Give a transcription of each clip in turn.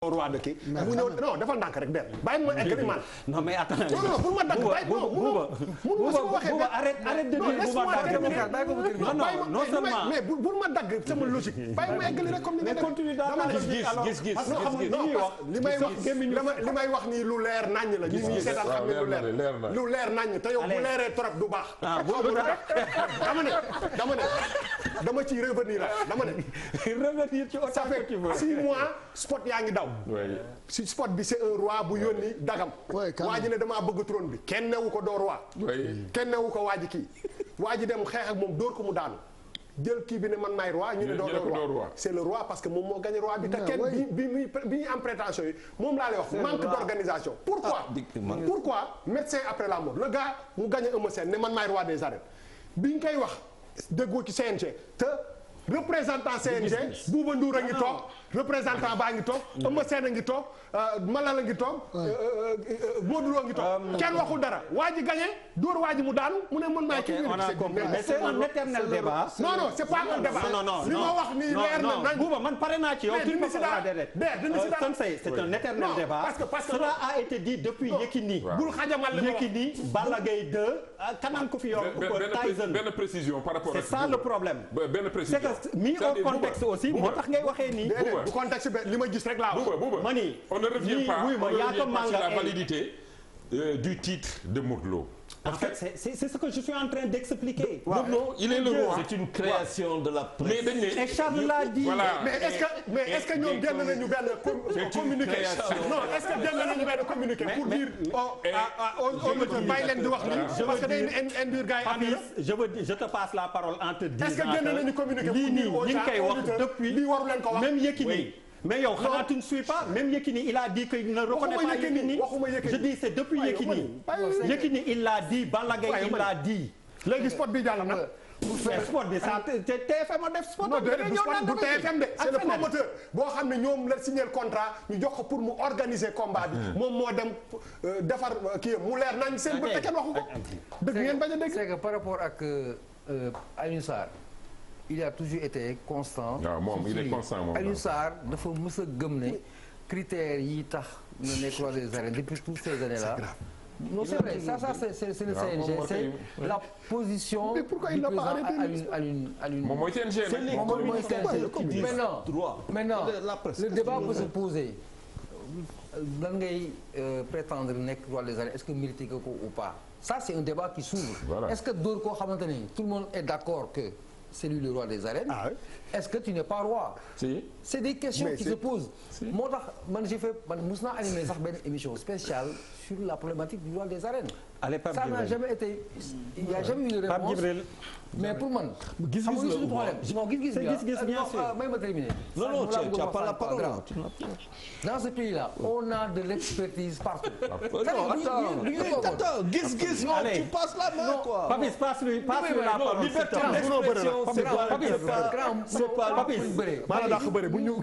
roi de kii mu ñëw non dafa ndànk bàyyi ma egg rek man non mais attends pour ma dagg bàyyi non mun ma waxee buuba arrête arrête de dire buuba mais pour ma dagg sama gis gis gis li may wax li may wax nii lu leer nañ la gis gis seetaan ah, xam ne lu leer lu leer nañ te yow bu leeree trop du baax ah, dama ne dama ne dama ciy revenir la dama ne. revenir ci oto ça six mois spot yaa ngi daw. si spot bi c'est un roi bu yónni dagam. waa ji ne damaa bëgg trône bi kenn newu ko doo roi. kenn newu ko waa ji kii. waa ji dem xeex ak moom dóor ko mu daanu. jël kii bi ne man maay roi ñu ne doo roi c'est le roi parce que moom moo gagné roi bi te kenn bi bi muy bi ñuy am prétention yi moom laa lay wax manque d'organisation pourquoi ah, pourquoi médecin après la mort le gars mu gagné Eumeu Sène ne man maay roi des arènes bi ñu koy wax déggoo ci CNG te représentant CNG Bouba Ndour a ngi ah toog représentant baa ngi toog mm. Eumeu Sène a ngi toog euh, Malal a ngi toog euh, euh, Modou Lo ngi toog um, kenn waxul dara waa ji gagné dóor waa ji mu daanu mu ne mën maa kii on a compris mais c'est débat non non c'est pas un débat li ma wax nii leer na nañ Bouba man pare naa ci yow duñu si si dara c'est un éternel débat parce que parce que cela a été dit depuis Yekini bul xajamal li Yekini Balla Gaye 2 kanaan ko fi yor Tyson benn précision par rapport c'est ça contexte mis au contexte aussi moo tax ngay waxee nii. bu contexte bi li ma gis rek laa ma nii on ne revient pas on ne la validité euh, du titre de Modou En fait, c'est ce que je suis en train d'expliquer. Ouais. Non, non, il est le roi. C'est une création ouais. de la presse. Mais, mais, mais, et Charles l'a dit. Voilà. Mais est-ce que mais est-ce que ñoom génn nañu benn communiqué Non, est-ce que génn nañu benn communiqué pour dire au oh, au ah, ah, oh, oh, bàyyi leen di wax li parce que day induire gars yi je veux dire je te passe la parole entre dire. Est-ce que génn nañu communiqué pour dire lii nii ñu ngi koy wax depuis lii waru leen ko wax même Yékini mais yow xanaa tu ne suis pas même Yekini il a dit que il ne reconnaît pas Yekini je dis c'est depuis Yekini Yekini il l'a dit Balla Gaye il l'a dit léegi sport bi jàll na euh, sport bi ça ah. TFM a def sport non du TFM de c'est le promoteur boo xam ne ñoom la signé contrat ñu jox ko pour mu organiser combat bi hmm. moom moo dem euh, defar euh, kii mu leer nañ seen bët te kenn waxu ko dëgg ngeen bañ a dégg par rapport ak Alioune Sarr il a toujours été constant. waaw ah, moom il est constant moom Aliou Sarr dafa mës a gëm ne critères yi tax na nekk roi des arènes depuis toutes ces c'est la position du prétendre nekk roi des arènes est-ce que mérité nga pas c'est un débat qui s'ouvre est-ce que dóor koo xamante ne tout le monde est d'accord que c'est lui le roi des arènes. Ah oui. est-ce que tu n'es pas roi. si c'est des questions mais qui se posent. si moo tax man j'ai fait man mos naa animer sax benn émission spéciale sur la problématique du roi des arènes. allez Pape Djibril ça n'a jamais été il n'y a jamais eu de réponse Pape Djibril mais pour man. gis-gis la amuñu suñu problème non gis-gis bi ah non ah may ma terminer. non non tu n'as pas la parole. dans ce pays là on a de l'expertise partout. non attends gis-gis. tu passes la main quoi. Papis passe lui passe lui la parole. liberté d'expression c'est quoi c'est pas Papis. maa la dàq bëri bu ñu.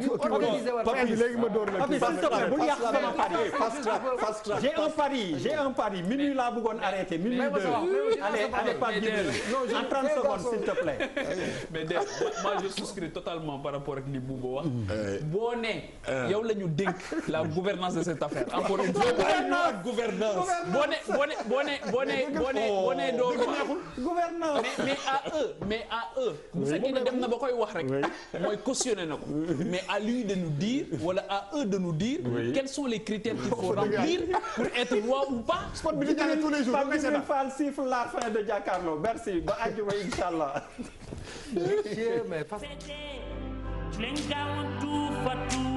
Papis léegi ma door la. Papis s'il te plaît bu ñu yàq sama pari. j'ai un pari j'ai un pari minuit laa bëgg bëggoon arrêté minute deux allez allez Pape Djibril en 30 secondes s'il te plaît mais de moi je souscris totalement par rapport ak li Bouba wax euh. boo ne euh. yow la ñu dénk la gouvernance de cette affaire encore une fois gouvernance boo ne boo ne boo ne boo ne boo ne boo ne doo gouvernance mais à eux mais à eux bu fekkee ne dem na ba koy wax rek mooy cautionné na ko mais à lui de nous dire wala à eux de nous dire quels sont les critères qu'il faut remplir pour être roi ou pas les jours Pape Djibril Fall siffle la fin de Jakaarlo merci ba àjjuma incha allah. mais